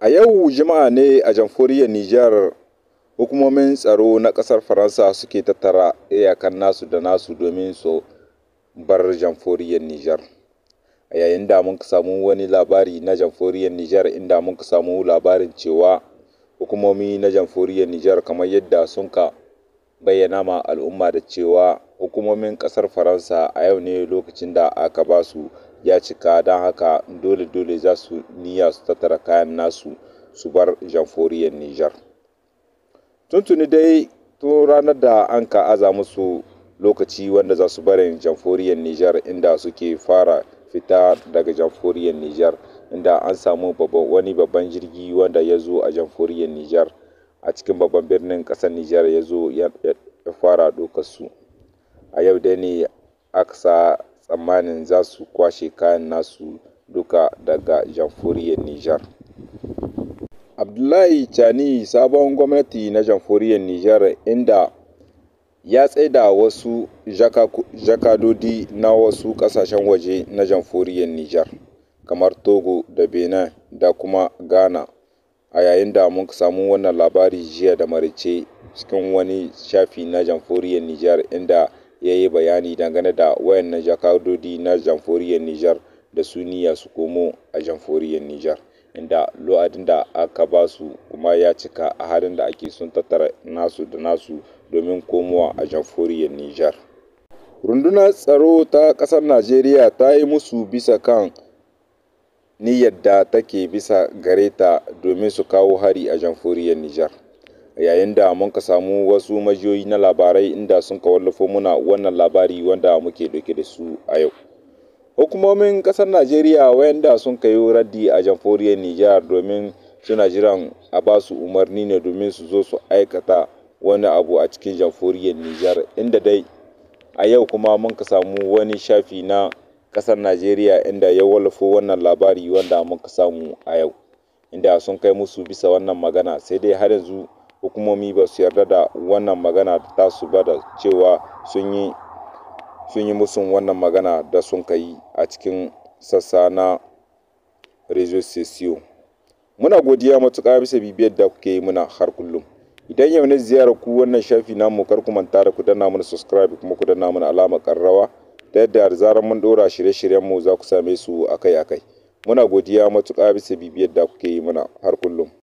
A yau Juma'a ne a jamhuriyar Nijar hukumomin tsaro na ƙasar Faransa suke tattara iyakan nasu da nasu domin su bar jamhuriyar Nijar. A yayin da mun samu wani labari na jamhuriyar Nijar inda mun samu labarin cewa hukumomi na jamhuriyar Nijar kamar yadda sun ka bayyana ma al'umma da cewa hukumomin ƙasar Faransa a yau ne lokacin da aka ba su ya cika don haka dole dole za su niyya su tattara kayan nasu su bar jamforiyar nijar tuntuni dai tun ranar da an ka aza musu lokaci wanda za su barin jamforiyar nijar inda suke fara fita daga jamforiyar nijar inda an samu wani babban jirgi wanda ya zo a jamforiyar nijar a cikin babban birnin ƙasar nijar ya zo ya fara su a yau dai ne aksa tsammanin za su kwashe kayan nasu duka daga jamhuriyar Nijar. abdullahi Chani sabon gwamnati na jamhuriyar Nijar inda ya tsaida wasu jakadodi na wasu kasashen waje na jamhuriyar Nijar kamar Togo da Benin da kuma Ghana a yayin da muka samu wannan labari jiya da maraice cikin wani shafi na jamhuriyar Nijar inda ya yi bayani dangane da wayannan jakadodi na jamhuriyar Nijar da suniya su komo a jamhuriyar Nijar inda lo'adin da aka ba su kuma ya cika a halin da ake sun tattara nasu da nasu domin komowa a jamhuriyar Nijar. Rundunar tsaro ta ƙasar Najeriya ta yi musu bisa kan niyyar da take bisa gareta domin su kawo hari a jamhuriyar Nijar. yayin da muka samu wasu majiyoyi na labarai inda sun ka wallafo muna wannan labari wanda muke ɗauke da su a yau hukumomin ƙasar najeriya wayanda sun ka yi raddi a jamforiyar nijar domin suna jiran a ba su umarni ne domin su zo su aikata wani abu a cikin jamforiyar nijar inda dai a yau kuma mun ka samu wani shafi na ƙasar najeriya inda ya wallafo wannan labari wanda muka samu a yau inda sun kai musu bisa wannan magana sai dai har yanzu hukumomi ba su yarda da wannan magana ta su ba da cewa sun yi musu wannan magana da sun kai a cikin sassa na rezo muna godiya matuƙa bisa bibiyar da kuke yi muna har kullum idan yau ne ziyarar ku wannan shafi namu kar ku manta da ku danna mana subscribe kuma ku danna mana alamar karrawa ta yadda da zarar mun dora shirye-shiryen mu za ku same su akai-akai muna godiya matuƙa bisa bibiyar da kuke yi mana har kullum